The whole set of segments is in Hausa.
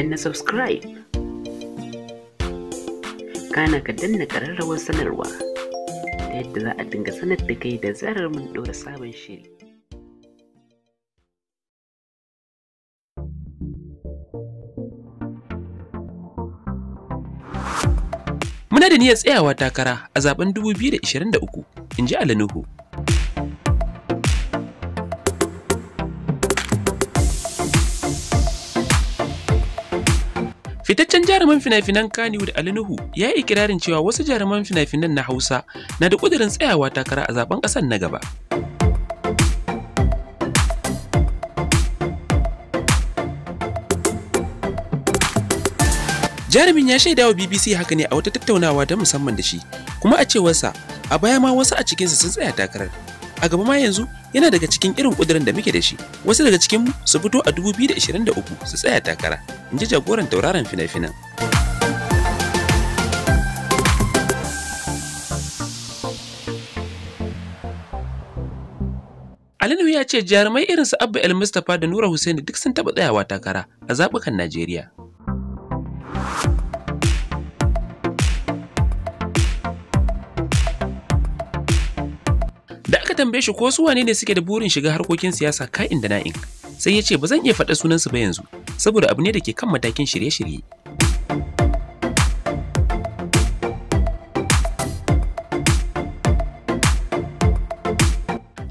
danna subscribe kana ka danna ƙararrawar sanarwa ta yadda za a dinga sanar da kai da zarar mun ɗora sabon shiri muna da niyyar tsayawa takara a zaben 2023 in ji Nuhu. Fitaccen jaruman fina-finan Kannywood Ali Nuhu ya yi ikirarin cewa wasu jaruman fina-finan na Hausa na da ƙudurin tsayawa takara a zaben ƙasar na gaba. Jarumin ya shaida wa BBC haka ne a wata tattaunawa ta musamman da shi, kuma a cewarsa a baya ma wasu a cikinsu sun tsaya takarar. a gaba ma yanzu yana daga cikin irin ƙudurin da muke da shi wasu daga cikin su fito a 2023 su tsaya takara in ji jagoran tauraron fina-finan Alinu ya ce jarumai irin su Abba El Mustapha da Nura Hussein duk sun taɓa tsayawa takara a zaɓukan Najeriya. tambaye shi ko su wane ne suke da burin shiga harkokin siyasa ka'in da na'in sai ya ce ba zan iya faɗa sunansu ba yanzu saboda abu ne da ke kan matakin shirye-shirye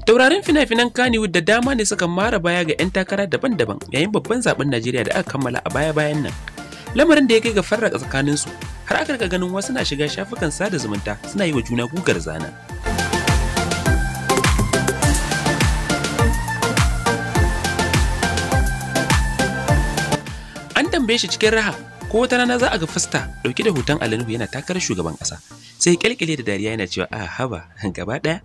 Taurarin fina-finan Kannywood da dama ne suka mara baya ga 'yan takara daban-daban yayin babban zaben Najeriya da aka kammala a baya-bayan nan. Lamarin da ya kai ga farraka tsakaninsu har aka ganin wasu na shiga shafukan sada zumunta suna yi wa juna gugar zana. tambaye shi cikin raha ko wata rana za a ga fasta dauke da hoton Nuhu yana takarar shugaban kasa sai kyalkyale da dariya yana cewa a ah, haba gaba daya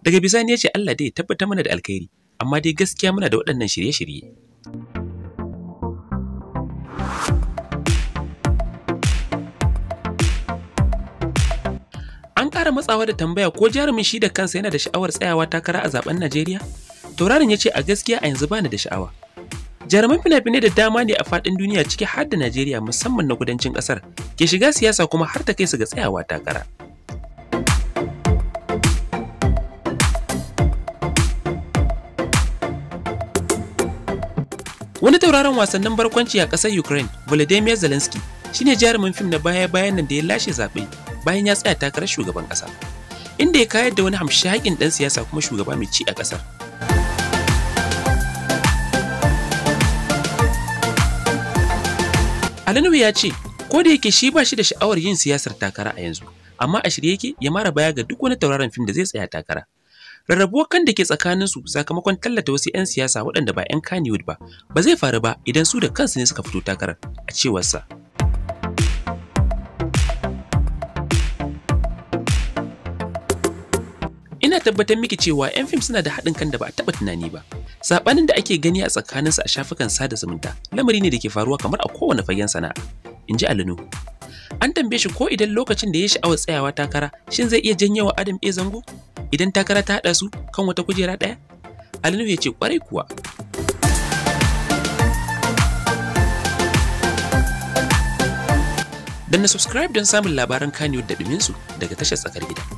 daga bisani ya ce Allah dai tabbata mana da alkhairi amma dai gaskiya muna da waɗannan shirye-shirye an ƙara matsawa da tambaya ko jarumin shi da kansa yana da sha'awar tsayawa takara a zaben Najeriya? Tauraron ya ce a gaskiya a yanzu bani da sha'awa, Jaruman fina-finai da dama ne a faɗin duniya ciki har da Najeriya musamman na kudancin ƙasar ke shiga siyasa kuma har ta kai su ga tsayawa takara. Wani tauraron wasannin barkwanci a ƙasar Ukraine, Volodymyr Zelensky, ne jarumin fim na baya-bayan nan da ya lashe zaɓe bayan ya tsaya takarar shugaban ƙasa. Inda ya kayar da wani hamshakin ɗan siyasa kuma shugaba mai ci a ƙasar. Ananu ya ce, ko da yake shi ba shi da sha'awar yin siyasar takara a yanzu, amma a shirye yake ya mara baya ga duk wani tauraron fim da zai tsaya takara. Rarrabuwar kan da ke tsakaninsu sakamakon tallata wasu 'yan siyasa waɗanda ba 'yan Kannywood ba, ba zai faru ba idan su da kansu ne suka fito takarar, a cewarsa. ina tabbatar miki cewa 'yan fim suna da haɗin kan da ba a taɓa tunani ba. Saɓanin da ake gani a tsakaninsu a shafukan sada zumunta lamari ne da ke faruwa kamar a kowane fagen sana'a, in ji Alinu. An tambaye shi ko idan lokacin da ya sha'awar tsayawa takara shin zai iya wa Adam e zango idan takara ta haɗa su kan wata kujera ɗaya? Alinu ya ce kwarai kuwa. Dan na subscribe don samun labaran kaniyar da ɗuminsu daga tashar tsakar gida.